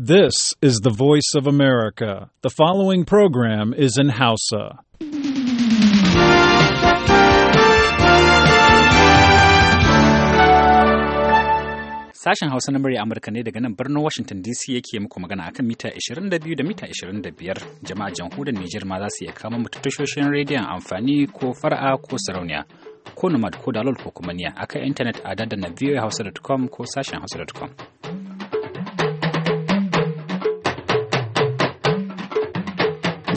This is the voice of America. The following program is in Hausa. Sashen Hausa na murya Amurka ne daga nan birnin Washington DC yake muku magana akan mita 22 da mita 25. Jama'a jamhuriyar Nijar ma za su iya kama mutu tashoshin rediyon amfani ko fara'a ko sarauniya ko nomad ko dalol ko kuma niya akan intanet a daddana voahausa.com ko sashen hausa.com.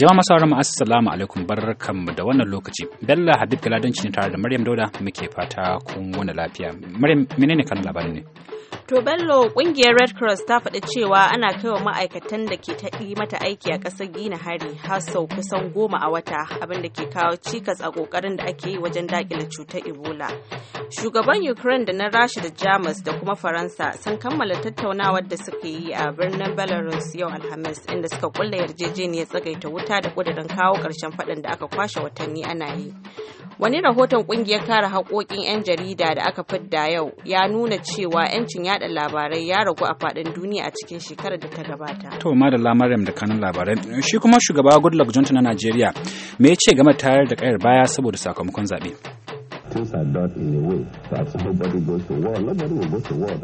Jama'a masu mu assalamu alaikum barkanmu da wannan lokaci. Bello Habib Galadanci ne tare da Maryam Dauda muke fata kun wani lafiya. Maryam menene kan labarin ne? To Bello kungiyar Red Cross ta faɗi cewa ana kaiwa ma'aikatan da ke taɗi mata aiki a ƙasar Gina hari har sau kusan goma a wata abin da ke kawo cikas a ƙoƙarin da ake yi wajen daƙile cutar Ebola. Shugaban Ukraine da na Rasha da Jamus da kuma Faransa sun kammala tattaunawar da suka yi a birnin Belarus yau Alhamis inda suka kulle yarjejeniyar tsagaita wuta da ƙudurin kawo ƙarshen faɗin da aka kwashe watanni ana yi. Wani rahoton ƙungiyar kare haƙoƙin 'yan jarida da aka fidda yau ya nuna cewa 'yancin yada labarai ya ragu a faɗin duniya a cikin shekarar da ta gabata. To madalla Maryam da kanin labarai shi kuma shugaba Goodluck Jonathan na Najeriya me ya ce game tayar da kayar baya saboda sakamakon zabe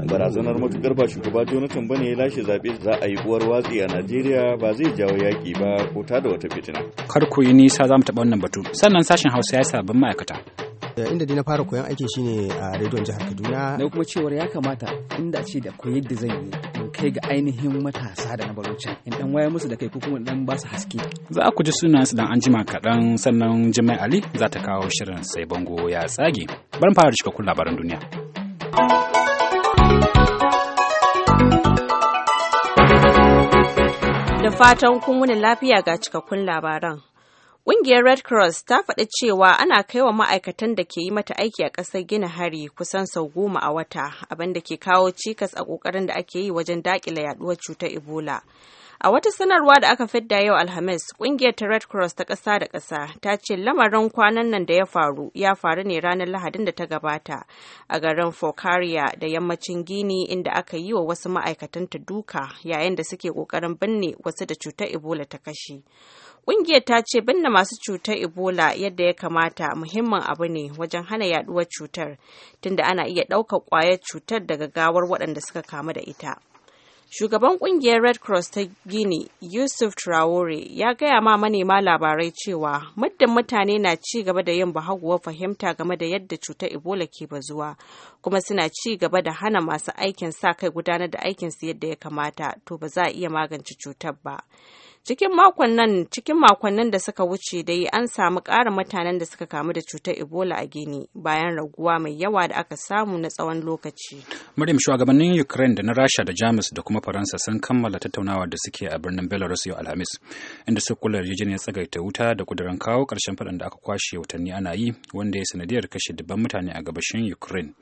Barazanar matukar ba shugaba Jonathan bane ya lashe zaɓe za a yi uwar watsi a Najeriya ba zai jawo yaƙi ba ko ta da wata fitina. Kar ku yi nisa za mu taɓa wannan batu. Sannan sashen Hausa ya sabon ma'aikata. inda dai na fara koyon aikin shine a rediyon jihar kaduna na kuma cewar ya kamata inda ce da koyi yadda zan yi in kai ga ainihin matasa da na barocin in dan waya musu da kai ko kuma dan ba su haske za ku ji sunan su dan anjima kaɗan sannan jimai ali za ta kawo shirin sai bango ya tsage bari fara cikakkun labaran duniya da fatan kun wuni lafiya ga cikakkun labaran Ƙungiyar Red Cross ta faɗi cewa ana kai wa ma'aikatan da ke yi mata aiki a ƙasar gina hari kusan sau goma a wata, abin da ke kawo cikas a ƙoƙarin da ake yi wajen daƙila yaɗuwar cutar Ebola. A wata sanarwa da aka fidda yau Alhamis, ƙungiyar ta Red Cross ta ƙasa da ƙasa ta ce lamarin kwanan nan da ya faru ya faru ne ranar Lahadin da ta gabata a garin Fokariya da yammacin Gini inda aka yi wa wasu ma'aikatan ta duka yayin da suke ƙoƙarin binne wasu da cutar Ebola ta kashe. Ƙungiyar ta ce binne masu cutar Ebola yadda ya kamata muhimmin abu ne wajen hana yaduwar cutar tunda ana iya ɗaukar ƙwayar cutar daga gawar waɗanda suka kamu da ita. Shugaban ƙungiyar Red Cross ta Gini, Yusuf Traore, ya gaya ma manema labarai cewa muddin mutane na ci gaba da yin bahaguwar fahimta game da yadda cutar Ebola ke bazuwa, kuma suna ci gaba da hana masu aikin sa kai gudanar da aikinsu yadda ya kamata, to ba za a iya magance cutar ba. cikin makon nan cikin makonnin da suka wuce da dai an samu ƙara mutanen da suka kamu da cutar ebola a gini bayan raguwa mai yawa da aka samu na tsawon lokaci muryar shugabannin ukraine da na rasha da jamus da kuma faransa sun kammala tattaunawa da suke a birnin belarus yau alhamis inda su kula ya tsagaita wuta da kudurin kawo ƙarshen faɗan da aka kwashe watanni ana yi wanda ya sanadiyar kashe dubban mutane a gabashin ukraine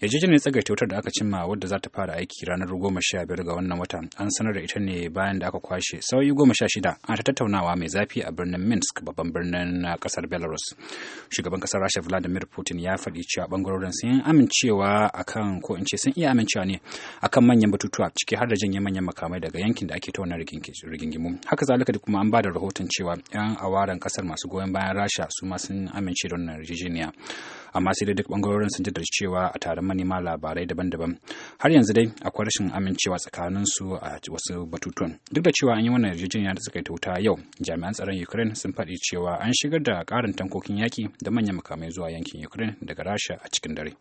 yarjejeniyar tsagaita wutar da aka cimma wadda za ta fara aiki ranar goma sha biyar ga wannan watan an sanar da ita ne bayan da aka kwashe sauyi goma sha shida ana ta tattaunawa mai zafi a birnin minsk babban birnin kasar belarus shugaban kasar rasha vladimir putin ya faɗi cewa bangarorin sun amincewa akan ko in ce sun iya amincewa ne akan manyan batutuwa ciki har da janye manyan makamai daga yankin da ake tauna rigingimu haka zalika da kuma an ba da rahoton cewa yan awaren kasar masu goyon bayan rasha su ma sun amince da wannan yarjejeniya amma sai dai duk bangarorin sun jaddada cewa a taron manema labarai daban-daban har yanzu dai akwai rashin amincewa tsakanin su a wasu batutuwan duk da cewa an yi wannan yarjejeniya da suka wuta yau jami'an tsaron ukraine sun faɗi cewa an shigar da ƙarin tankokin yaki da manyan makamai zuwa yankin ukraine daga rasha a cikin dare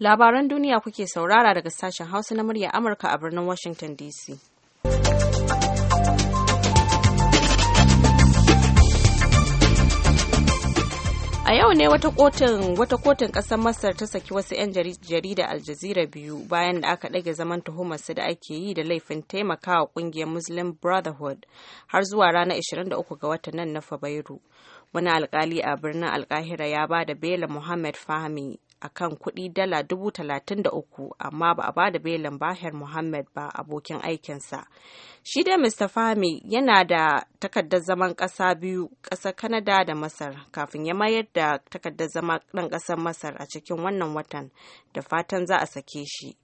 labaran duniya kuke saurara daga sashen hausa na murya amurka a birnin washington dc a yau ne wata kotun wata kotun kasar masar ta saki wasu 'yan jarida aljazira biyu bayan da aka ɗage zaman tuhumar su da ake yi da laifin taimakawa kungiyar muslim brotherhood har zuwa ranar 23 ga watan nan na fabairu wani alkali a birnin alkahira ya ba da bela muhammad fahmi a kan kudi dala dubu talatin da uku amma ba a ba da belin bahir muhammad ba abokin aikinsa shi dai mr fahmi yana da takardar zaman kasa biyu ƙasar kanada da masar kafin ya mayar da takardar zama ɗan ƙasar masar a cikin wannan watan da fatan za a sake shi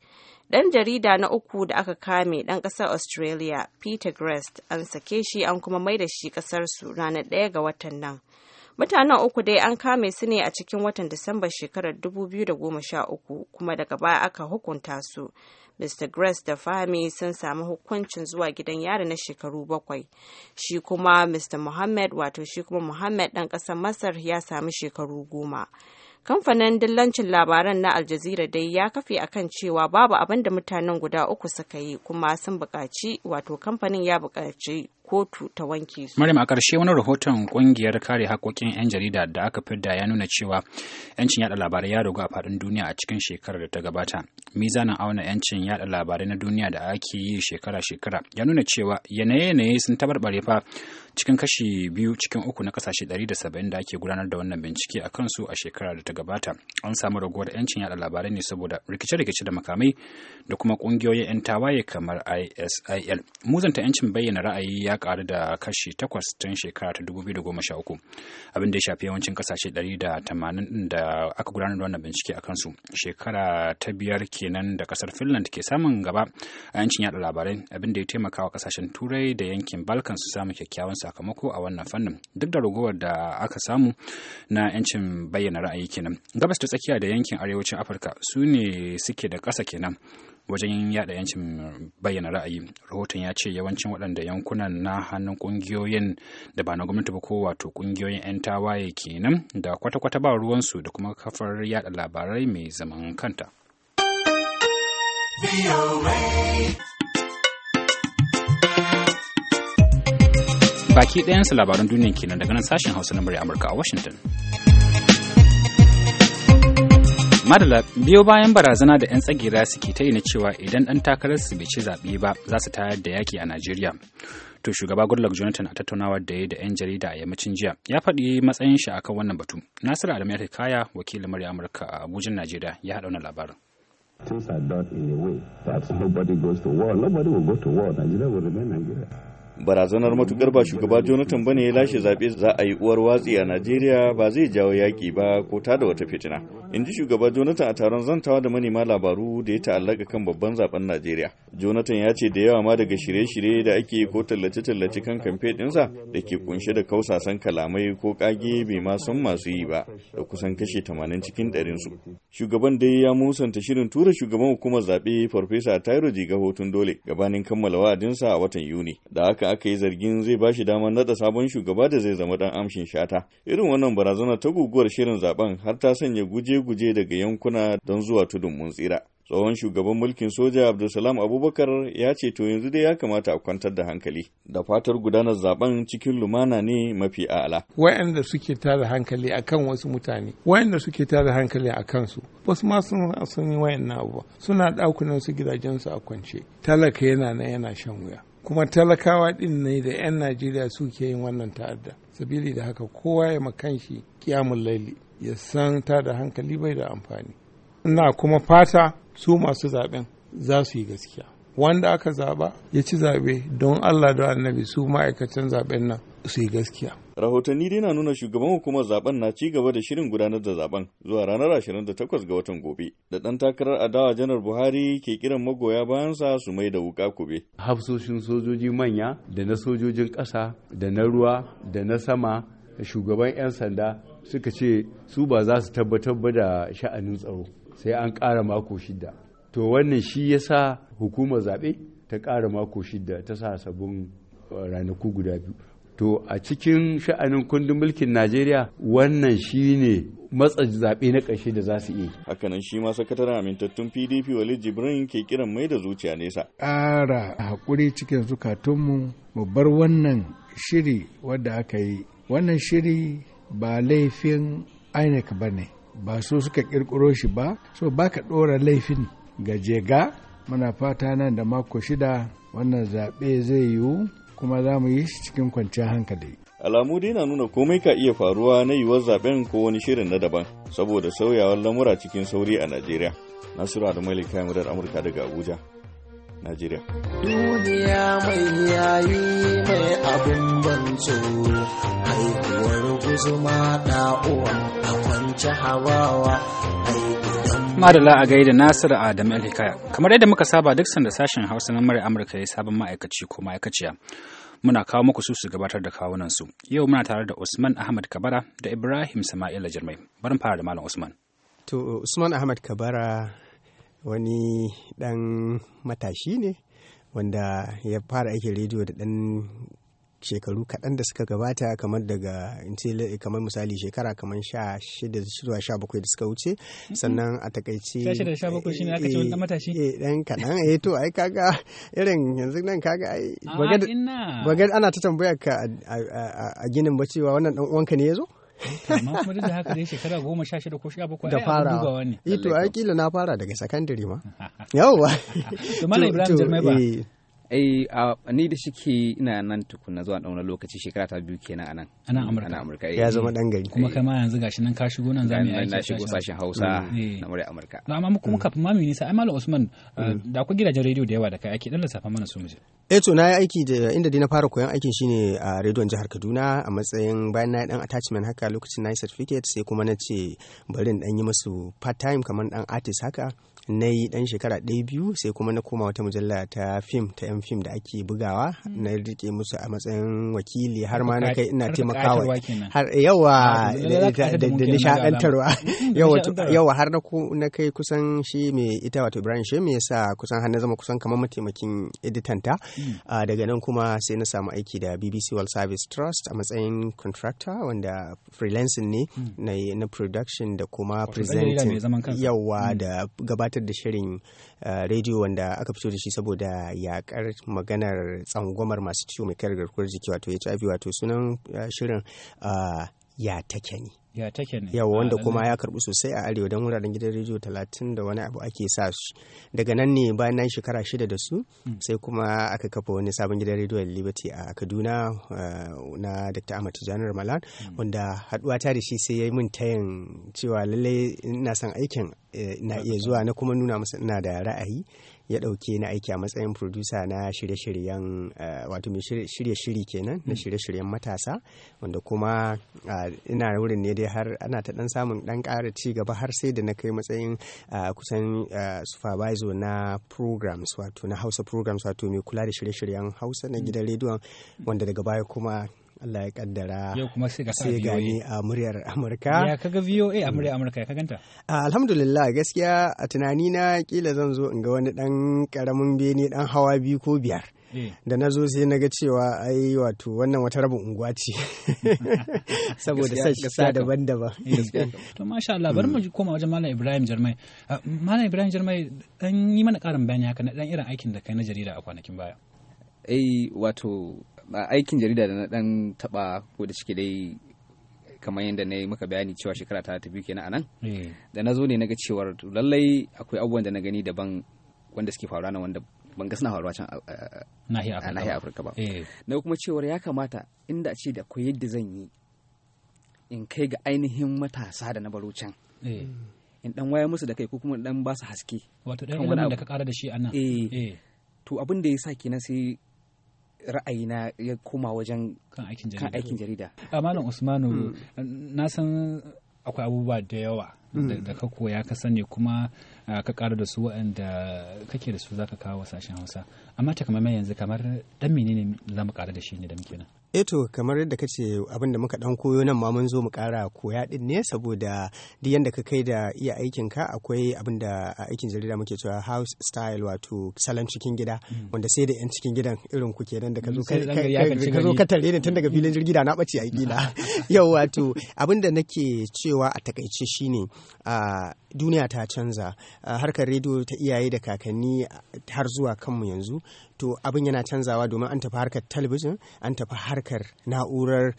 Ɗan jarida na uku da aka kame ɗan ƙasar Australia, Peter Grest, an sake shi an kuma mai da shi ƙasarsu ranar ɗaya ga watan nan. Mutanen uku dai an kame su ne a cikin watan Disamba shekarar 2013 kuma daga baya aka hukunta su. Mr. Grace da Fahmi sun samu hukuncin zuwa gidan yari na shekaru bakwai. Shi kuma Mr. Mohammed wato shi kuma Mohammed ɗan ƙasar Masar ya samu shekaru goma. Kamfanin dillancin labaran na Aljazeera dai ya kafe akan cewa babu abin da mutanen guda uku suka yi kuma sun buƙaci wato kamfanin ya buƙaci kotu ta wanke su. Maryam a ƙarshe wani rahoton ƙungiyar kare haƙoƙin 'yan jarida da aka fidda ya nuna cewa 'yancin yada labarai ya ragu a faɗin duniya a cikin shekarar da ta gabata. Mizanin auna 'yancin yada labarai na duniya da ake yi shekara-shekara ya nuna cewa yanaye-yanaye sun tabarbare fa cikin kashi biyu cikin uku na ƙasashe 170 da ake gudanar da wannan bincike a kansu a shekarar da ta gabata. An samu raguwar 'yancin yada labarai ne saboda rikice-rikice da makamai da kuma ƙungiyoyin 'yan tawaye kamar ISIL. Muzanta 'yancin bayyana ra'ayi ya karu da kashi takwas tun shekara ta 2013 abin da ya shafi yawancin kasashe 180 da aka gudanar da wannan bincike a kansu shekara ta biyar kenan da kasar finland ke samun gaba a yancin yada labarai abin da ya taimaka wa kasashen turai da yankin balkan su samu kyakkyawan sakamako a wannan fannin duk da ragowar da aka samu na yancin bayyana ra'ayi kenan gabas ta tsakiya da yankin arewacin afirka su ne suke da ƙasa kenan wajen yada yancin bayyana ra'ayi rahoton ya ce yawancin waɗanda yankunan na hannun ƙungiyoyin da ba na gwamnati ba ko wato ƙungiyoyin 'yan tawaye kenan da kwata-kwata ba ruwansu da kuma kafar yada labarai mai zaman kanta. Baki su labaran duniya kenan daga nan sashen Hausa na murya Amurka a Washington. madala biyo bayan barazana da 'yan tsagira suke ta na cewa idan ɗan takarar su bai ci zaɓe ba za su tayar da yaki a najeriya to shugaba goodluck jonathan a tattaunawar da ya da 'yan jarida a yammacin jiya ya faɗi matsayin shi akan wannan batu nasiru adamu ya kaya wakilin murya amurka a abuja najeriya ya haɗa wannan labarin Things are done in a way that nobody goes to war. Nobody will go to war. Nigeria will remain Nigeria. barazanar matukar ba shugaba jonathan bane ya lashe zaɓe za a yi uwar watsi a najeriya ba zai jawo yaƙi ba ko ta da wata fitina in ji shugaba jonathan a taron zantawa da manema labaru da ya ta'allaka kan babban zaben najeriya jonathan ya ce da yawa ma daga shirye-shirye da ake ko tallace-tallace kan kamfe ɗinsa da ke kunshe da kausasan kalamai ko kage bai ma san masu yi ba da kusan kashe tamanin cikin ɗarin su shugaban dai ya musanta shirin tura shugaban hukumar zaɓe farfesa tairo jigaho tun dole gabanin kammala wa'adinsa a watan yuni da haka haka aka yi zargin zai ba shi damar nada sabon shugaba da zai zama dan amshin shata irin wannan barazana ta guguwar shirin zaben har ta sanya guje-guje daga yankuna don zuwa tudun mun tsira tsohon shugaban mulkin soja abdulsalam abubakar ya ce to yanzu dai ya kamata a kwantar da hankali da fatar gudanar zaben cikin lumana ne mafi ala wayanda suke tada hankali akan wasu mutane wayanda suke tada hankali a kansu wasu ma sun yi wayannan abubuwa suna ɗakunan su gidajensu a kwance talaka yana nan yana shan wuya kuma talakawa ɗin ne da 'yan najeriya suke yin wannan ta'adda sabili da haka kowa ya makan shi kiyamun laili ya san ta da hankali bai da amfani ina kuma fata su masu zaben za su yi gaskiya wanda aka zaba ya ci zaɓe don allah da annabi su ma'aikatan zaben nan sai gaskiya. Rahotanni dai na nuna shugaban hukumar zaben na ci gaba da shirin gudanar da zaben zuwa ranar 28 ga watan gobe. Da ɗan takarar adawa janar Buhari ke kiran magoya bayansa su mai da wuka kube. Hafsoshin sojoji manya da na sojojin ƙasa da na ruwa da na sama shugaban 'yan sanda suka ce su ba za su tabbatar ba da sha'anin tsaro sai an ƙara mako shida. To wannan shi ya sa hukumar zaɓe ta ƙara mako shida ta sa sabon eh, ranaku guda biyu to a cikin sha'anin kundin mulkin najeriya wannan shine matsa zaɓe na ƙarshe da za su yi. Hakanan shi ma sakataren amintattun PDP Walid Jibrin ke kiran mai da zuciya nesa. Ƙara haƙuri cikin zukatunmu mu bar wannan shiri wadda aka yi. Wannan shiri ba laifin INEC ba ne, ba so suka ƙirƙiro shi ba, so ba ka ɗora laifin ga jega. Muna fata nan da mako shida wannan zaɓe zai yiwu kuma za mu yi shi cikin kwanciyar hankali. Alamu dai na nuna komai ka iya faruwa na yiwuwar zaben ko wani shirin na daban saboda sauyawar lamura cikin sauri a Najeriya. Nasiru Malik ya murar Amurka daga Abuja, Najeriya. Duniya mai yayi mai abin banco, haihuwar guzuma ɗa'uwa a kwanci hawawa, Madala a gaida Nasir Adam hikaya Kamar yadda muka saba duk sanda sashen Hausa na mara Amurka ya sabon ma'aikaci ko ma'aikaciya. Muna kawo muku su su gabatar da kawunan su. Yau muna tare da Usman Ahmad Kabara da Ibrahim Sama'ila Jirmai. Barin fara da Malam Usman. To Usman Ahmad Kabara wani dan matashi ne wanda ya fara aikin rediyo da ɗan. shekaru kaɗan da suka gabata kamar daga kamar misali shekara kamar sha shida zuwa sha bakwai da suka wuce mm-hmm. sannan a takaice sha shida sha bakwai shine aka ce wani eh, matashi eh dan kaɗan eh to ai kaga irin yanzu nan kaga ai ah, bagad ana ta tambaya ka a ginin ba cewa wannan dan uwanka ne ya zo amma kuma duk da haka dai shekara goma sha shida ko sha bakwai da fara ito a kila na fara daga sakandare ma yawwa to malam ibrahim jarmai ba eh. Ai ni da shike ina nan tukuna zuwa ɗauna lokaci shekara ta biyu kenan anan ana amurka ana amurka eh. ya zama dan gari kuma kai ma yanzu gashi nan ka shigo nan zamu yi na shigo sashen hausa mm. eh. na murya amurka na amma kuma mm. kafin ma mu nisa ai malam usman eh, mm. da ku gidajen rediyo da yawa da kai ake dan lissafa mana su muje eh to na yi aiki da inda dai na fara koyon aikin shine a rediyon jihar kaduna a matsayin bayan na dan attachment haka lokacin na yi certificate sai kuma na ce bari in dan yi musu part time kamar dan artist haka na yi dan shekara ɗaya biyu sai kuma na koma wata mujalla ta fim ta yan fim da ake bugawa hmm. na rike musu a matsayin wakili har ma na kai ina taimakawa har yawa ah, da nishadantarwa mm, yawa har na kai kusan shi mai ita wato Ibrahim shi me yasa kusan har na zama kusan kamar mataimakin editan ta hmm. ah, daga nan kuma sai na samu aiki da BBC World Service Trust a matsayin contractor wanda freelancing ne hmm. na production da kuma presenting yawa da gabatar gabatar da shirin eh, rediyo wanda aka fito da shi saboda yakar maganar tsangwamar masu ciwo mai kare garkuwar jiki wato hiv wato sunan eh, shirin eh, ya take ni. ya wanda ah, kuma ya karbi sosai a arewa don wuraren gidan rediyo talatin da wani abu ake sa su daga nan ne bayan nan shekara shida da su hmm. sai kuma aka kafa wani sabon gidan rediyo liberty a kaduna ah, na dr ahmad janar malan hmm. wanda haduwa ta da shi sai ya yi min tayin cewa lallai ina son aikin eh, na iya zuwa na kuma nuna masa ina da ra'ayi ya ɗauke na aiki a matsayin producer na shirye-shiryen eh, wato mai shirye-shiri kenan na hmm. shirye-shiryen matasa wanda kuma eh, ina wurin ne dai har ana ta ɗan samun ɗan ƙara ci gaba har sai da na kai matsayin eh, kusan supervisor na programs wato na hausa programs wato mai kula da shirye-shiryen hausa na hmm. gidan rediyon wanda daga baya kuma Allah ya kaddara yau kuma sai ga gani a muryar Amurka ya kaga VOA a muryar Amurka ya kaganta alhamdulillah gaskiya a tunani na kila zan zo in ga wani dan karamin bene dan hawa biyu ko biyar eh. da na zo sai na ga cewa ai wato wannan wata rabin unguwa ce saboda sa daban-daban eh, to masha Allah bari mu koma wajen Malam Ibrahim Jarmai Malam Ibrahim Jarmai dan yi mana karin bayani haka na dan irin aikin da kai na jarida a kwanakin baya eh wato aikin jarida da na dan taba ko da shike dai kamar yadda na yi maka bayani cewa shekara ta tafi kenan a nan eh. da na zo ne na ga cewar lallai akwai abubuwan da na gani daban wanda suke faruwa na wanda ban ga suna faruwa can a nahiyar afirka ba eh. na kuma cewar ya kamata inda a ce da akwai yadda zan yi in kai ga ainihin matasa da na baro can eh. in dan waya musu da kai ko kuma dan ba su haske wato dan ilimin da ka kara da shi a nan to abin da ya sa kenan sai ra'ayina ya koma wajen kan aikin jarida. A Malam Usmanu, hmm. na san akwai abubuwa da yawa hmm. da ka koya ka sani kuma ka ƙara da su waɗanda kake da su za ka kawo sashen hausa amma takamaiman yanzu kamar dan menene za mu ƙara da shi ne da muke nan eto eh kamar yadda kace abin da muka dan koyo nan ma mun zo mu kara koya din ne saboda duk yanda ka kai da iya aikin ka akwai abin da a aikin jarida muke cewa house style wato salon cikin gida hmm. wanda sai da yan cikin gidan irin ku kenan da ka zo hmm, ka zo ka tare ni tun daga filin jirgin da na bace ai gida yau wato abin da nake cewa a takaice shine duniya ta canza A harkar rediyo ta iyaye da kakanni har zuwa kanmu yanzu to abin yana canzawa domin an tafi harkar talabijin an tafi harkar na'urar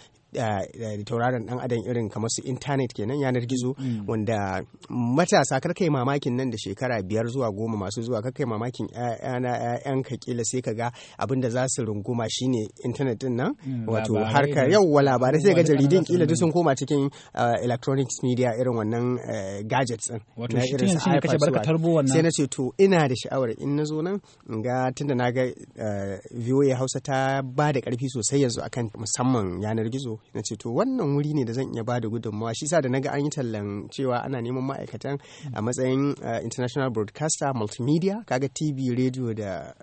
tauraron dan adam irin kamar su intanet kenan yanar gizo mm. wanda matasa kar kai mamakin nan da shekara biyar zuwa goma masu zuwa kar kai mamakin yan ka kila sai ka ga abin da za su runguma shine intanet din nan mm, wato harka yawwa labarai sai ga jaridin kila duk sun koma cikin eh, electronics media irin wannan eh, gadgets din wato shi na ce to ina da sha'awar in na zo nan in ga tunda na ga eh, VOA Hausa ta ba da karfi sosai yanzu akan musamman yanar gizo na ce to wannan wuri ne da zan iya bada gudunmawa shi sa da naga an yi tallan cewa ana neman ma'aikatan a matsayin eh, international broadcaster multimedia kaga tv radio da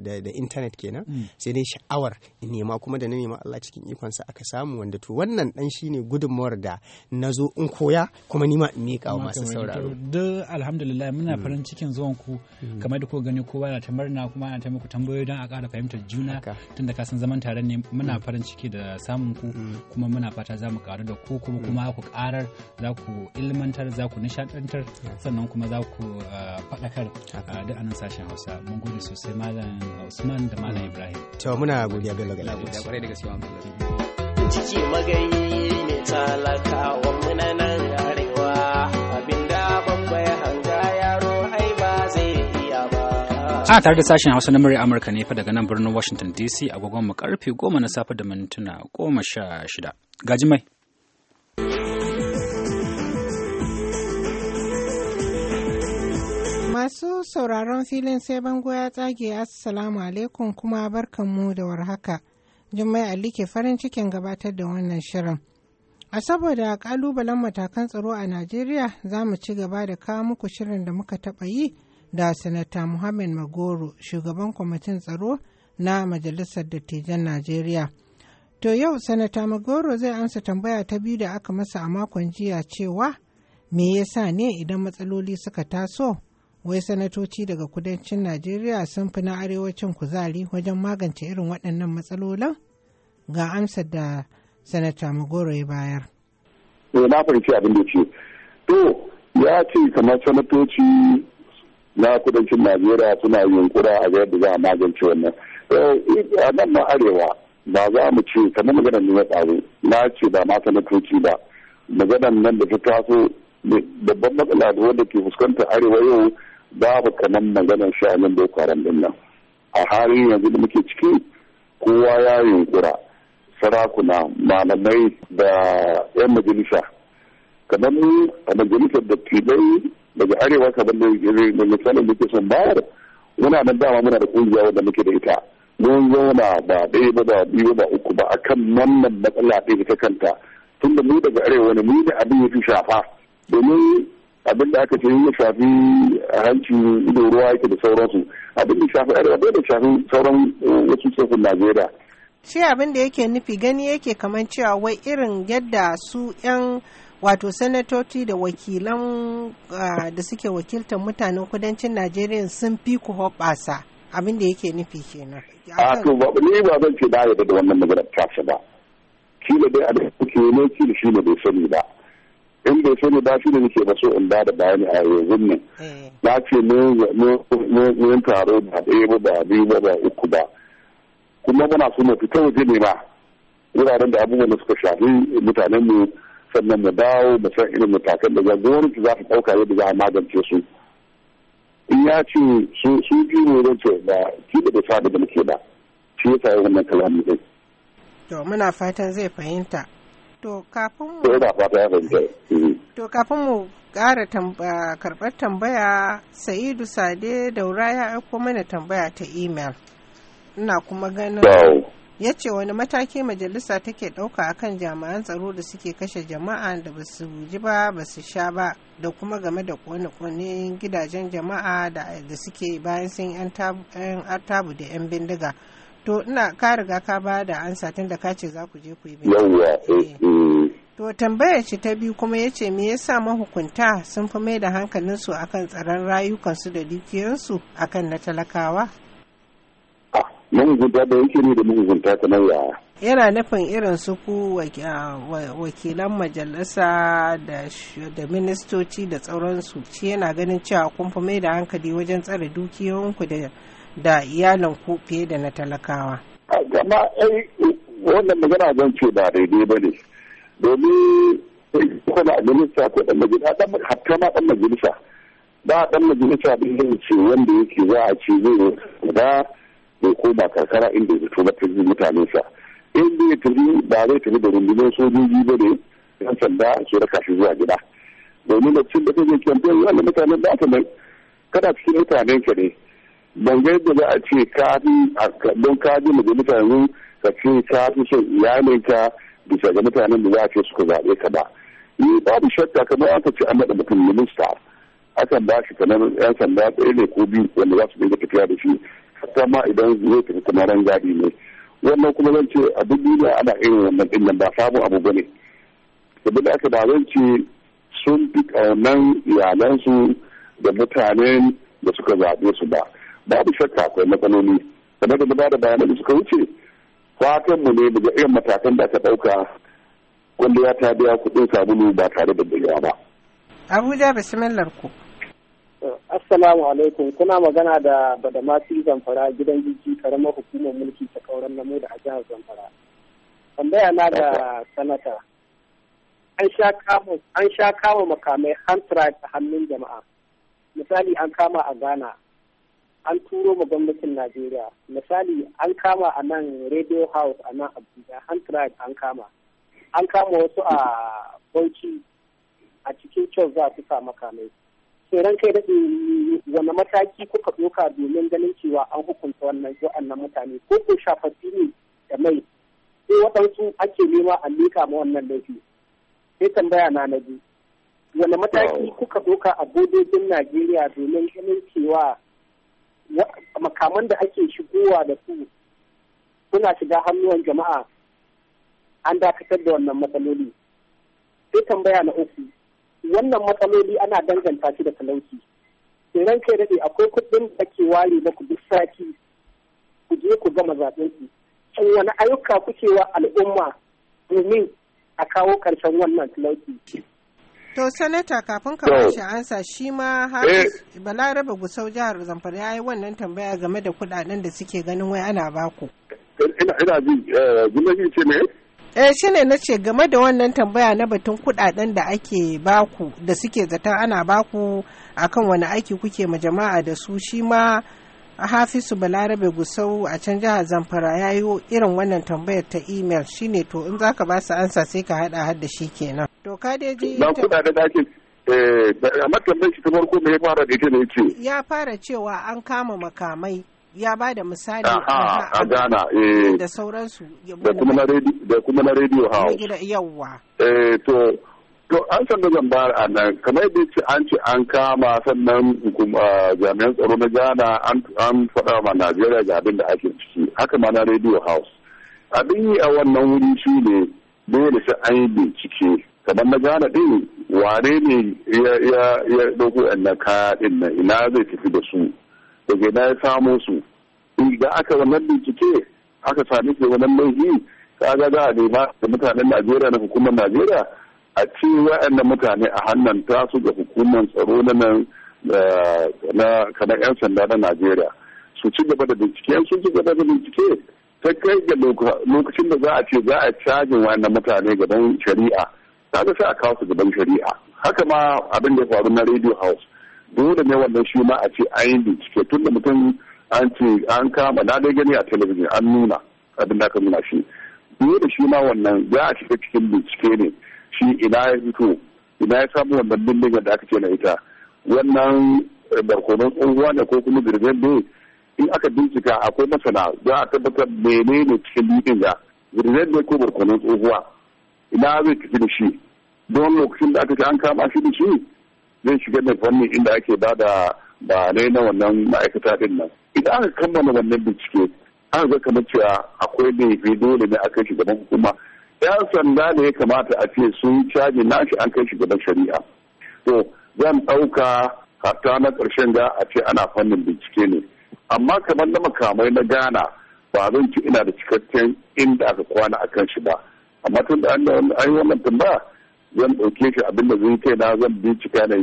da intanet kenan mm. sai dai sha'awar nema kuma da na nema Allah cikin ikonsa aka samu wanda to wannan dan shine gudunmawar da na zo in koya kuma nima in miƙa wa masu sauraro Da alhamdulillah muna mm. farin cikin zuwan ku mm. kamar da ku gani kowa na ta murna kuma ana ta muku tambayoyi don a ƙara fahimtar juna tunda ka san zaman tare ne muna farin ciki da samun ku kuma muna fata za mu ƙaru da ku kuma kuma ku ƙarar za ku ilmantar za ku nishaɗantar sannan kuma za ku ah, faɗakar ah, duk anan sashen Hausa mun sosai malam Usman da malam Ibrahim. To muna godiya ga lafiya. Da kwarai da gaske malam. Ciki magayi ne wa muna nan arewa abinda babba ya hanga yaro ai ba zai iya ba. A tare da sashen Hausa na murya Amurka ne fa daga nan birnin Washington DC agogon mu karfe goma na safe da mintuna goma sha shida. Gajimai. sauraron filin sai bango ya tsage Assalamu alaikum kuma barkan mu da warhaka. Jummai Ali ke farin cikin gabatar da wannan shirin. A saboda kalubalen matakan tsaro a Najeriya za mu ci gaba da kawo muku shirin da muka taɓa yi da Sanata Muhammad Magoro, shugaban kwamitin tsaro na Majalisar Dattijan Najeriya. To yau Sanata Magoro zai amsa tambaya ta biyu da aka masa a makon jiya cewa me yasa ne idan matsaloli suka taso wai sanatoci daga kudancin najeriya sun fi na arewacin kuzari wajen magance irin waɗannan matsalolin ga amsar da sanata magoro ya bayar eh, na fahimci abin da ce to ya ce kamar sanatoci na kudancin najeriya suna yunkura a yadda za a magance wannan eh, eh, a nan ma arewa ba za mu ce kamar maganar nuna tsaro na ce ba ma sanatoci ba maganar nan da ta taso babban matsala da wanda ke fuskantar arewa yau babu kamar maganar sha'anin boko haram din nan a halin yanzu da muke ciki kowa ya yunkura sarakuna malamai da 'yan majalisa kamar mu a majalisar dattijai daga arewa kamar da misalin da ke son bayar muna nan dama muna da kungiya wanda muke da ita mun zauna ba ɗaya ba ba biyu ba uku ba akan wannan matsala ɗaya ta kanta tunda mu daga arewa ne mu da abin ya fi shafa domin abin da aka ce ya shafi hanci ido ruwa yake da sauransu abin da shafi arewa bai da shafi sauran eh, wasu sufin najeriya shi abin da yake nufi gani yake kamar cewa wai irin yadda su 'yan wato sanatoci da wakilan ah, da suke wakiltar mutanen kudancin najeriya sun fi ku hoɓasa abin da yake nufi kenan a to ba ne ba zan ce da da wannan magana ta ba kila dai a da kuke ne kila shi ne bai sani ba in bai ne ba shi ne nake ba so in ba da bayani a yanzu nan eh. na ce mun taro ba ɗaya ba ba biyu ba ba uku ba kuma muna so mu fita waje ne ba wuraren da abubuwan da suka shafi mutanen mu sannan mu dawo mu san irin matakan da gwamnati za ta ɗauka yadda za a magance su in ya ce su biyu ne don ce ba ki da sabu da muke ba shi yasa yi wannan kalamu dai. to muna fatan zai fahimta. To kafin mu To mm. kafin mu ƙara karɓar tambaya Sa'idu Sade Daura ya aiko mana tambaya ta email. Ina kuma ganin ya ce wani mataki majalisa take ɗauka akan jami'an tsaro da suke kashe jama'a da ba su ji ba ba su sha ba da kuma game da kone-kone gidajen jama'a da suke bayan sun 'yan tabu da 'yan bindiga. To ina ka riga ka ba da ansa tun da ka ce za ku je ku yi bincike. Eh, eh. Mm. To tambaya ce ta biyu kuma yace me yasa mahukunta sun fi mai da su akan tsaron rayukansu da dukiyansu akan na talakawa? mahukunta da yake ne da mahukunta nan yaya. Yana nufin irin su ku ah, wakilan majalisa da ministoci da tsauransu shi yana ganin cewa kun fi mai da hankali wajen tsare dukiyoyinku da da iyalan ku fiye da na talakawa. Gama wannan magana zan ce ba daidai ba ne. Domin ko da majalisa ko da majalisa dan hatta ma dan majalisa ba dan majalisa din zai ce wanda yake za a ce zai da ko koma karkara inda ya fito na tafi mutane sa. In zai tafi ba zai tafi da rundunar sojoji ba ne yan sanda su raka shi zuwa gida. Domin da cin da kake kyamfe wani mutane ba ta mai kada cikin mutanen ka ne. ban ga yadda za a ce kafi fi don ka ji majalisa yanzu ka ce ka son iyalinka bisa ga mutanen da za a ce suka zaɓe ka ba ni babu shakka kamar aka ce an naɗa mutum minista akan ba shi kamar yan sanda ɗaya ne ko biyu wanda za su dinga tafiya da shi hatta ma idan zai tafi kamar ran gadi ne wannan kuma zan ce a duk duniya ana irin wannan ɗin ba sabon abu ne. saboda aka ba zan ce sun fi ƙaunan iyalansu da mutanen da suka zaɓe su ba babu shakka akwai matsaloli kamar da ba da bayanan da suka wuce fatan mu ne daga irin matakan da ta ɗauka wanda ya ta biya kuɗin sabulu ba tare da bayyana ba. Abuja bismillah ku. Assalamu alaikum kuna magana da Badamasi Zamfara gidan jiji karamar hukumar mulki ta kauran namu da a jihar Zamfara. Tambaya na da sanata. An sha kama makamai hand a hannun jama'a. Misali an kama a Ghana an turo ma gwamnatin najeriya misali an kama a nan radio house a nan abuja hand an kama an kama wasu a bauchi a cikin church za su sa makamai kai da wani mataki kuka ɗauka domin ganin cewa an hukunta wannan wa'annan mutane ko ko shafafi ne da mai ko waɗansu ake nema a leka ma wannan laifi sai tambaya na na biyu wani mataki kuka ɗauka a bodojin najeriya domin ganin cewa makaman da ake shigowa da su suna shiga hannuwan jama'a an dakatar da wannan matsaloli sai tambaya na uku wannan matsaloli ana danganta shi da talauci idan kai daɗe akwai kuɗin da ake ware na ku duk sati ku je ku gama zaɓen ku shin wani ayyuka kuke wa al'umma domin a kawo ƙarshen wannan talauci To sanata kafin ka bashi ansa shi ma Hafiz eh. Balaraba Gusau jihar Zamfara ya yi wannan tambaya game da kuɗaɗen da suke ganin wai ana baku. Ina ji eh, ce ne? Eh shi ne na ce game da wannan tambaya na batun kuɗaɗen da ake baku da suke zata ana baku akan wani aiki kuke ma jama'a da su shi ma Hafizu Balarabe Gusau a can jihar Zamfara ya yi irin wannan tambayar ta imel shine to in zaka ba su ansa sai ka haɗa har da shi kenan. To ka dai da eh, a shi ta farko me ya fara da ita ne ce. Ya fara cewa an kama makamai ya ba da misali a gana eh. da sauransu. Da kuma na radio house. Yawwa. Eh, to to an san da zambar a nan kamar yadda ce an ce an kama sannan jami'an tsaro na gana an faɗa ma Najeriya ga abin da ake ciki haka ma na radio house. Abin yi a wannan wuri shi ne dole sai an yi bincike kamar na gane ɗin ware ne ya ɗauko ɗan kaya ɗin na ina zai tafi da su daga ina ya samo su ga aka wannan bincike aka sami ke wannan laifi kaga za a nema da mutanen najeriya na hukumar najeriya a ce na mutane a hannun tasu ga hukumar tsaro na nan na yan sanda na najeriya su ci gaba da bincike su ci gaba da bincike ta kai ga lokacin da za a ce za a cajin wa'annan mutane gaban shari'a kaga sai a kawo su gaban shari'a haka ma abin da faru na radio house dole ne wannan shi ma a ce an yi bincike tun da mutum an ce an kama na dai gani a talabijin an nuna abin da aka nuna shi dole shi ma wannan za a shiga cikin bincike ne shi ina ya fito ina ya samu wannan bindigar da aka ce na ita wannan barkonon unguwa ne ko kuma girgin ne in aka bincika akwai masana za a tabbatar menene cikin bidin ga girgin ne ko barkonon unguwa. ina zai tafi da shi don lokacin da aka ce an kama shi da shi zai shiga da fannin inda ake ba da bayanai na wannan ma'aikata din nan idan aka kammala wannan bincike an ga kamar cewa akwai laifi dole ne a kai shi gaban hukuma yan sanda ne ya kamata a ce sun caji nashi an kai shi gaban shari'a to zan ɗauka hatta na ƙarshen ga a ce ana fannin bincike ne amma kamar na makamai na ghana ba zan ci ina da cikakken inda aka kwana a kan shi ba amma tun da an da yi wannan tambaya zan ɗauke shi abin da zai kai na zan bincika ne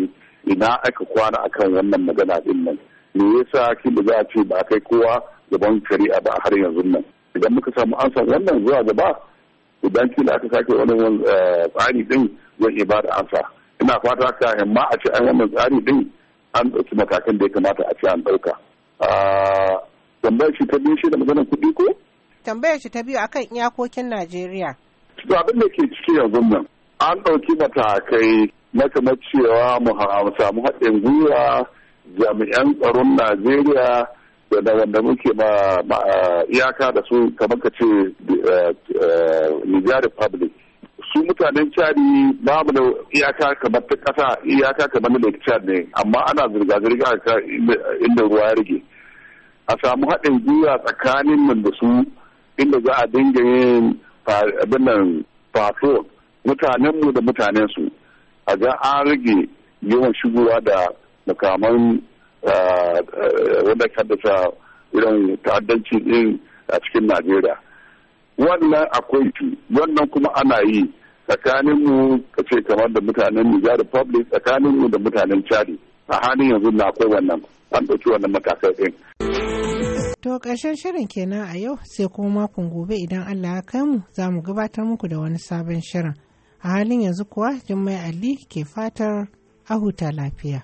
ina aka kwana akan wannan magana din nan me yasa kin da za a ce ba kai kowa gaban shari'a ba har yanzu nan idan muka samu ansa wannan zuwa gaba idan kila aka sake wani eh, tsari din zan iya bada ansa ina fata ka ma a ce an wannan tsari din an ɗauki matakan da ya kamata a ce an ɗauka. Ah, tambayar shi ta biyu shi da maganar kuɗi ko? tambayar shi ta biyu akan iyakokin Najeriya. abin da ke ciki yanzu nan an ɗauki matakai na kamar cewa mu samu haɗin gwiwa jami'an tsaron Najeriya da wanda muke ma iyaka da su kamar ka ce eh, Niger Republic. Su mutanen Chadi babu da iyaka kamar ta ƙasa iyaka kamar na Lake Chad ne amma ana zirga-zirga inda ruwa ya rage. A samu haɗin gwiwa tsakanin da su inda za a dinga yin abin nan patrol mutanenmu da mutanensu a ga an rage yawan shigowa da makaman ah, ah, wanda haddasa irin ta'addanci din a cikin najeriya wannan akwai fi wannan kuma ana yi tsakaninmu ka ce kamar da mutanen niger republic tsakaninmu da mutanen chadi a halin yanzu na akwai wannan an ɗauki wannan matakai ɗin. To ƙarshen shirin kenan a yau sai kuma makon gobe idan Allah ya kai mu za mu gabatar muku da wani sabon shirin. A halin yanzu kuwa Jummai Ali ke fatar a huta lafiya.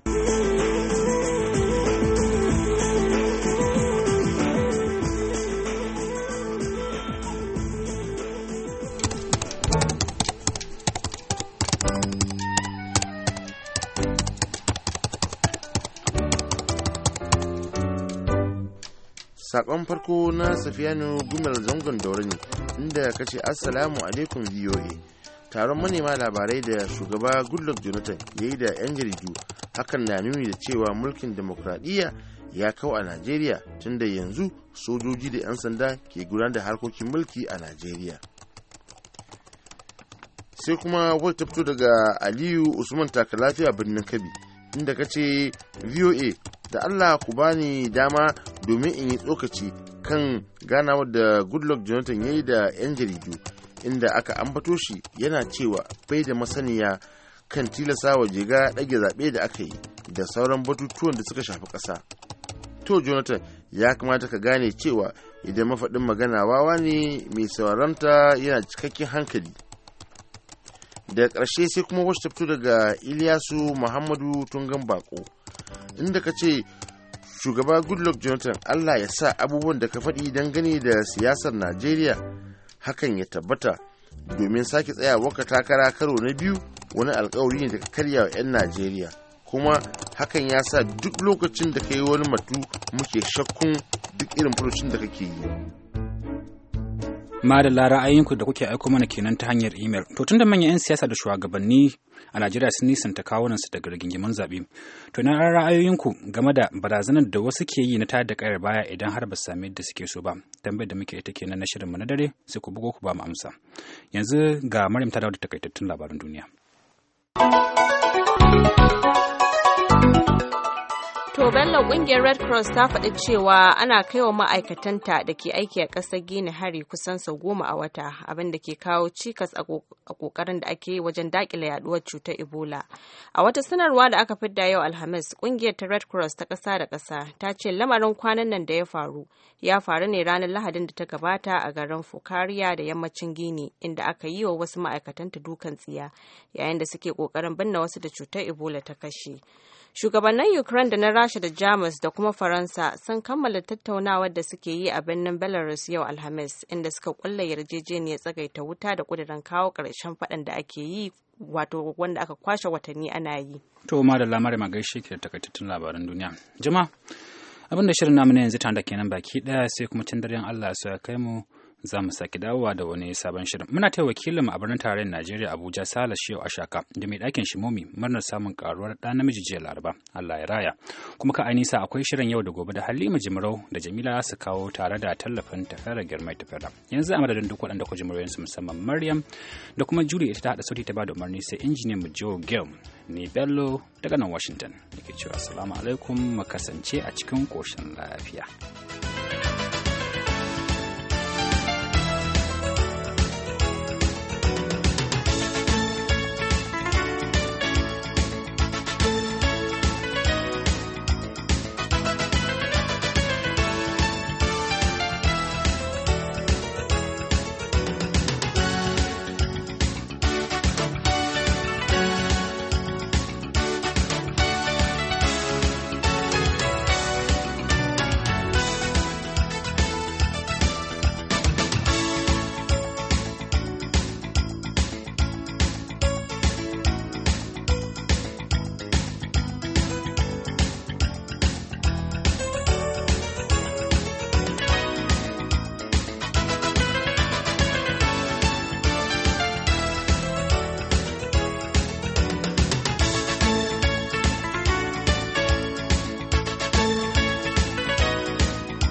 sakon farko na safiyanu gumal zangon daura ne inda ka ce assalamu alaikum voa taron manema labarai da shugaba goodluck jonathan ya yi da 'yan jaridu hakan na nuni da cewa mulkin demokradiyya ya kau a najeriya tun da yanzu sojoji da 'yan sanda ke gudanar da harkokin mulki a najeriya sai kuma wata fito daga aliyu usman takalafiya birnin kabi inda ka ce voa da Allah ku bani dama domin in yi tsokaci kan ganawar da Goodluck Jonathan ya yi da 'yan jaridu inda aka ambato shi yana cewa bai da masaniya kan tilasa wa jiga ɗage zaɓe da aka yi da sauran batutuwan da suka shafi ƙasa. To Jonathan ya kamata ka gane cewa idan mafaɗin magana wawa ne mai sauraronta yana cikakken hankali. Da ƙarshe sai kuma wasu daga Iliyasu Muhammadu Tungan Bako. inda ka ce shugaba goodluck jonathan allah ya sa abubuwan da ka faɗi dangane da siyasar najeriya hakan ya tabbata domin sake tsaya waka takara karo na biyu wani alkawari ne daga karya wa 'yan najeriya kuma hakan ya sa duk lokacin da ka yi wani matu muke shakkun duk irin furucin da kake yi madalla ra'ayinku da kuke aiko mana kenan ta hanyar imel to tunda manyan 'yan siyasa da shugabanni a najeriya sun nisanta su daga rigingimin zaɓe to na ra'ayoyinku game da barazanar da wasu ke yi na tayar da kayar baya idan har ba sami da suke so ba tambayar da muke ita kenan na shirinmu na dare sai ku bugo ku ba mu amsa yanzu ga maryam ta dawo da takaitattun labaran duniya To Bello ƙungiyar Red Cross ta faɗi cewa ana kaiwa ma'aikatanta da ke aiki a ƙasar Gini hari kusan sau goma a wata abin da ke kawo cikas a ƙoƙarin da ake wajen daƙile yaduwar cutar Ebola. A wata sanarwa da aka fidda yau Alhamis, ƙungiyar ta Red Cross ta ƙasa da ƙasa ta ce lamarin kwanan nan da ya faru ya faru ne ranar Lahadin da ta gabata a garin Fukariya da yammacin Gini inda aka yi wa wasu ma'aikatanta dukan tsiya yayin da suke ƙoƙarin binne wasu da cutar Ebola ta kashe. Shugabannin Ukraine da na Rasha da Jamus da kuma Faransa sun kammala tattaunawar da suke yi a birnin Belarus yau Alhamis inda suka kulla yarjejeniyar tsagaita wuta da kudirin kawo karshen fadan da ake yi wato wanda aka kwashe watanni ana yi. To ma da lamarin gaishe ke da takaitattun labaran duniya. jima abin da shirin namu ne yanzu tanda kenan baki ɗaya sai kuma can daren Allah su ya kai mu. za mu sake dawowa da wani sabon shirin. Muna taya wakilin a birnin tarayyar Najeriya Abuja Sale Shehu Ashaka da mai ɗakin Shimomi murnar samun karuwar ɗa namiji jiya Laraba. Allah ya raya. Kuma ka nisa akwai shirin yau da gobe da Halima Jimarau da Jamila su kawo tare da tallafin tafiyar girmai tafiyar. Yanzu a madadin duk waɗanda ku yanzu musamman Maryam da kuma Julie ita ta haɗa sauti ta bada umarni sai injiniyan mu Joe Gill ne Bello daga nan Washington. Nake cewa assalamu alaikum mu kasance a cikin koshin lafiya.